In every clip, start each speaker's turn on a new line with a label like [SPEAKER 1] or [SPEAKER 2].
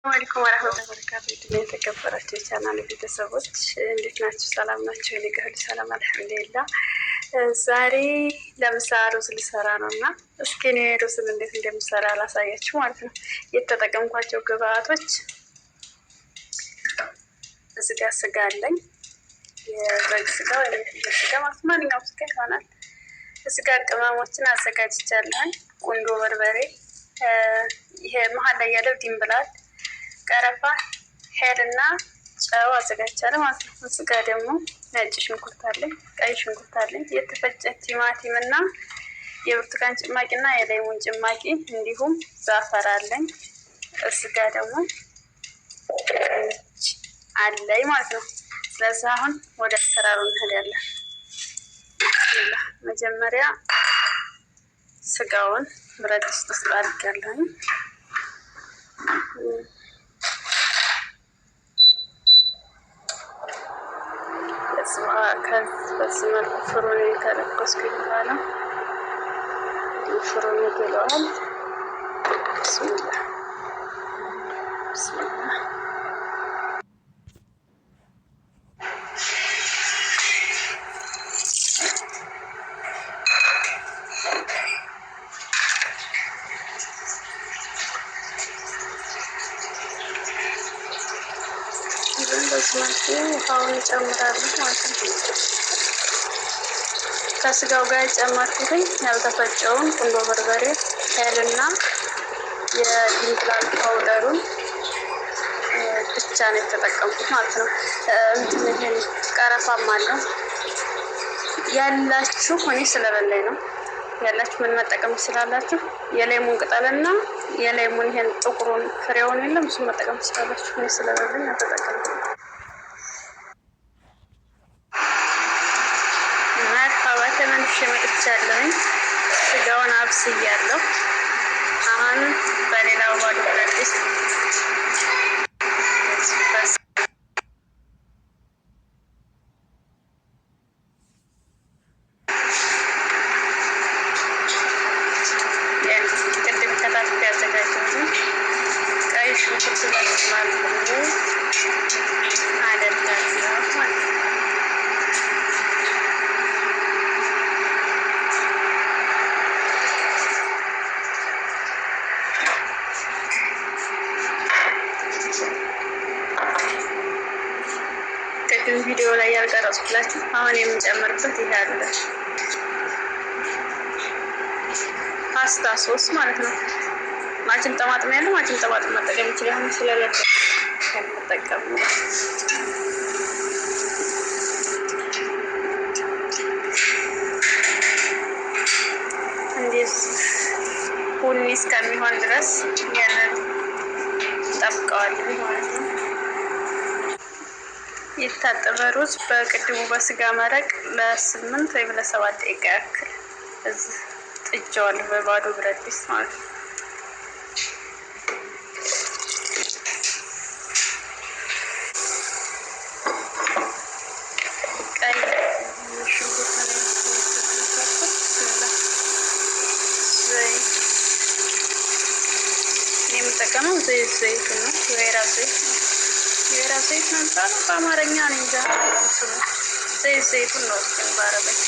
[SPEAKER 1] አሰላሙአለይኩም ወረህመቱላሂ ወበረካቱህ የተከበራችሁ የቻናል ቤተሰቦች እንዴት ናችሁ? ሰላም ናቸው? ጋር ሁሉ ሰላም አልሐምዱሊላህ። ዛሬ ለምሳ ሩዝ ልሰራ ነው እና እስኪ እኔ ሩዝን እንዴት እንደምሰራ አላሳያችሁ ማለት ነው። የተጠቀምኳቸው ግብአቶች እዚህ ጋር ስጋ አለኝ፣ የበግ ስጋ ወይም ስጋ ማለት ማንኛውም ስጋ ይሆናል። ስጋ ቅመሞችን አዘጋጅቻለሁኝ። ቁንዶ በርበሬ፣ ይሄ መሀል ላይ ያለው ድንብላል ቀረፋ፣ ሄልና ጨው አዘጋጅቻለሁ ማለት ነው። እዚህ ጋ ደግሞ ነጭ ሽንኩርት አለኝ፣ ቀይ ሽንኩርት አለኝ፣ የተፈጨ ቲማቲም እና የብርቱካን ጭማቂ እና የሌሙን ጭማቂ እንዲሁም ዛፈር አለኝ። እዚህ ጋ ደግሞ አለኝ ማለት ነው። ስለዚህ አሁን ወደ አሰራሩ እንሄዳለን። መጀመሪያ ስጋውን ብረት ውስጥ አድርጋለሁ። በዚህ መልኩ ፍሩን ከለኮስኩ በኋላ ፍሩን ይገለዋል። ብስሚላ በዚህ መልኩ ውሃውን ይጨምራሉ ማለት ነው። ከስጋው ጋር የጨመርኩትኝ ያልተፈጨውን ቁንዶ በርበሬ ሄልና የእንቁላል ፓውደሩን ብቻ ነው የተጠቀምኩት ማለት ነው። እንትን ቀረፋም አለው ያላችሁ ሆኔ ስለበላይ ነው ያላችሁ ምን መጠቀም ትችላላችሁ? የሌሙን ቅጠልና የሌሙን ይሄን ጥቁሩን ፍሬውን የለም እሱ መጠቀም ትችላላችሁ። እኔ ስለበላይ አልተጠቀምኩም። አካባቢ ተመልሼ መጥቻለሁኝ። ስጋውን አብስያለሁ። አሁን በሌላ ባዶ ብረት ድስት ቅድም ከታትቤ ያዘጋጀሁትን ቀይ ሽንኩርት ማለት ነው ቪዲዮ ላይ ያልቀረጽኩላችሁ አሁን የምንጨምርበት ይሄ አለ ፓስታ ሶስ ማለት ነው። ማችን ጠማጥም ያለው ማችን ጠማጥም መጠቀም ይችላል። አሁን ስለለቀ ከምጠቀሙ እንዴት ቡኒ እስከሚሆን ድረስ ያንን ጠብቀዋለን ማለት ነው። የታጠበ ሩዝ በቅድሙ በስጋ መረቅ ለስምንት ወይም ለሰባት ደቂቃ ያክል እዚህ ጥጄዋለሁ፣ በባዶ ብረት ድስት ማለት ነው። የምጠቀመው ዘይት ዘይቱ ነው፣ ወይራ ዘይት ሴት ዘይት ነው የሚባለው በአማርኛ ነው እንጃ። ዘይት ዘይቱን ነው ውስጥ ባረበች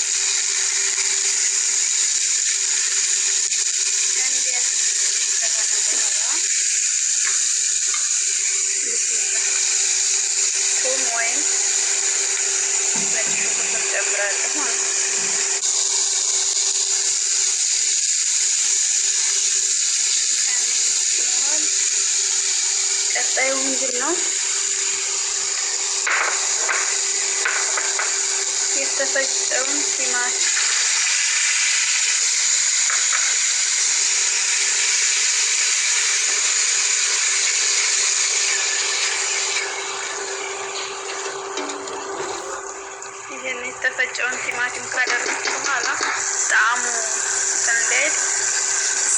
[SPEAKER 1] ቀጣዩ ምንድን ነው? የተፈጸሙ ናቸው። ይህን የተፈጨውን ቲማቲም ካደረግኩ በኋላ ጣዕሙ እንትን እንዳይል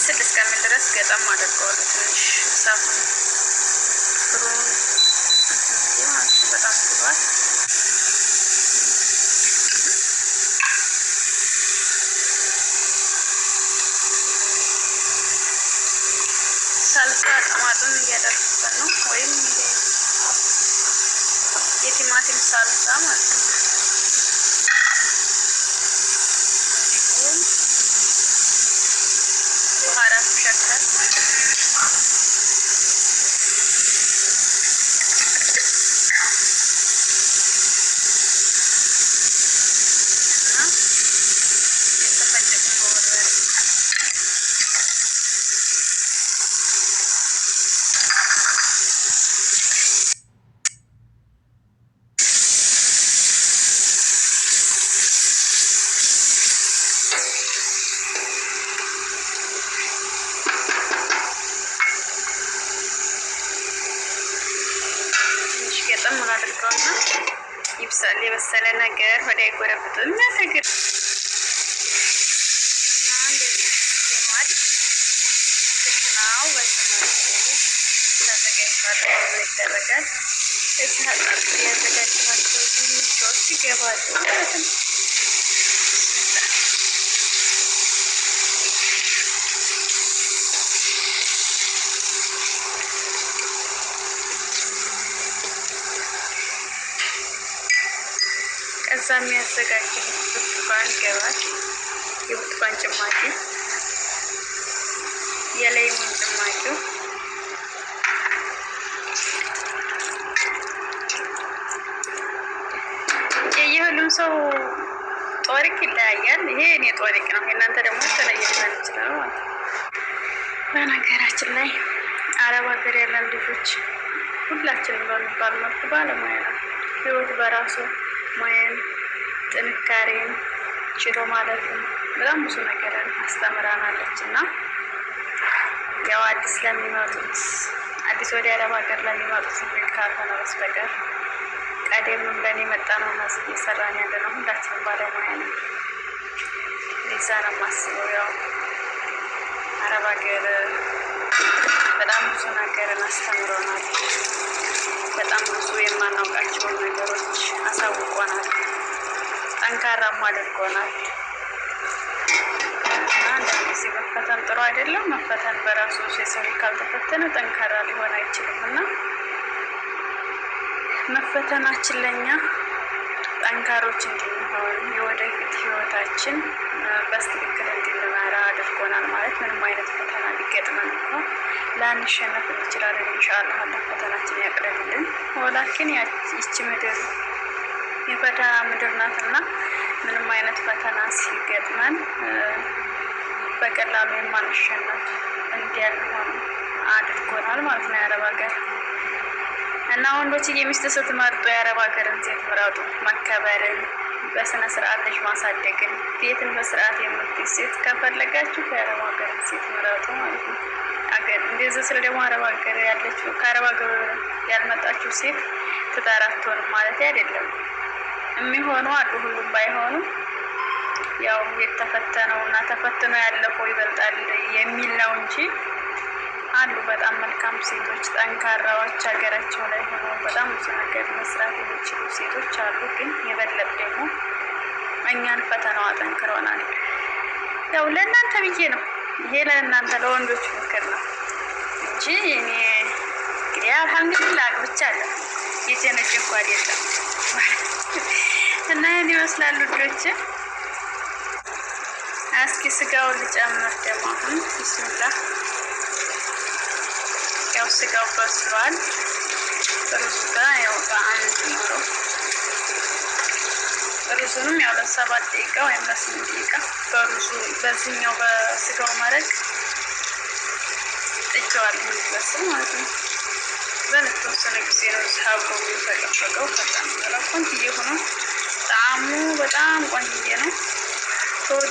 [SPEAKER 1] ስል እስከምን ድረስ ገጠም አድርገዋለሁ ትንሽ እናቴ ሳልሳ ማለት ነው ይብሳል የመሰለ ነገር ወደ ይጎረብጡ የሚያሰግር ይደረጋል። እዚህ አጣጥ ያዘጋጅናቸው ሚዎች ይገባሉ ማለት ነው። ከዛ የሚያዘጋጅ ብርቱካን ገባል፣ የብርቱካን ጭማቂ፣ የለይሙን ጭማቂው የሁሉም ሰው ጦሪቅ ይለያያል። ይሄ እኔ ጦሪቅ ነው፣ የእናንተ ደግሞ ተለየ ሊሆን ይችላል በነገራችን ላይ አረብ ሀገር ያለን ልጆች ሁላችንም በሚባል መልኩ ባለሙያ ነው ህይወት በራሱ ሙያን ጥንካሬን ችሎ ማለፍን በጣም ብዙ ነገርን አስተምራናለች እና ያው አዲስ ለሚመጡት አዲስ ወደ አረብ ሀገር ለሚመጡት የሚል ካልሆነ በስተቀር ቀደም በእኔ መጣ ነው እየሰራን ያለ ነው። ሁላችንም ባለሙያ ነው። ሊዛ ነው ማስበው ያው አረብ ሀገር በጣም ብዙ ነገርን አስተምረናል። በጣም ብዙ የማናውቃቸውን ጠንካራም አድርጎናል። አንዳንድ ጊዜ መፈተን ጥሩ አይደለም። መፈተን በራሱ የሰው ካልተፈተነ ጠንካራ ሊሆን አይችልም እና መፈተናችን ለኛ ጠንካሮች እንድንሆን የወደፊት ህይወታችን በስትክክል እንድንመራ አድርጎናል። ማለት ምንም አይነት ፈተና ሊገጥመን እኮ ላንሸነፍ እንችላለን። ኢንሻአላህ ፈተናችን ያቅለልልን። ወላኪን ይቺ ምድር የበዳ ምድር ናትና ምንም አይነት ፈተና ሲገጥመን በቀላሉ የማንሸነፍ እንዲያልሆን አድርጎናል ማለት ነው የአረብ ሀገር እና ወንዶች የሚስት ስትመርጡ የአረብ ሀገርን ሴት ምረጡ። መከበርን፣ በስነ ስርዓት ልጅ ማሳደግን፣ ቤትን በስርዓት የምትይዝ ሴት ከፈለጋችሁ ከአረብ ሀገርን ሴት ምረጡ ማለት ነው። እንደዚህ ስለ ደግሞ አረብ ሀገር ያለችው ከአረብ ሀገር ያልመጣችው ሴት ትዳር አትሆንም ማለት አይደለም። የሚሆኑ አሉ፣ ሁሉም ባይሆኑም ያው የተፈተነው እና ተፈትኖ ያለፈው ይበልጣል የሚል ነው እንጂ አሉ በጣም መልካም ሴቶች፣ ጠንካራዎች፣ ሀገራቸው ላይ ሆነው በጣም ብዙ ነገር መስራት የሚችሉ ሴቶች አሉ። ግን የበለጥ ደግሞ እኛን ፈተናው አጠንክሮናል። ያው ለእናንተ ብዬ ነው ይሄ ለእናንተ ለወንዶች ምክር ነው እንጂ እኔ እንግዲህ አልሐምዱሊላ አግብቻለሁ የጀነጀንኳል የለም እና ይህን ይመስላል ልጆች። እስኪ ስጋውን ልጨምር ደግሞ አሁን ቢስሚላ። ያው ስጋው በስሏል ሩዙ ጋር ያው በአንድ ኖሮ ሩዙንም ያው ለሰባት ደቂቃ ወይም ለስምንት ደቂቃ በሩዙ በዚህኛው በስጋው መረቅ ጥቼዋለሁ የሚበስል ማለት ነው። በለተወሰነ ጊዜ ነው ሀብሮ የሚፈቀፈቀው በጣም ቆንጆ እየሆነ ጣዕሙ በጣም ቆንጆ ነው።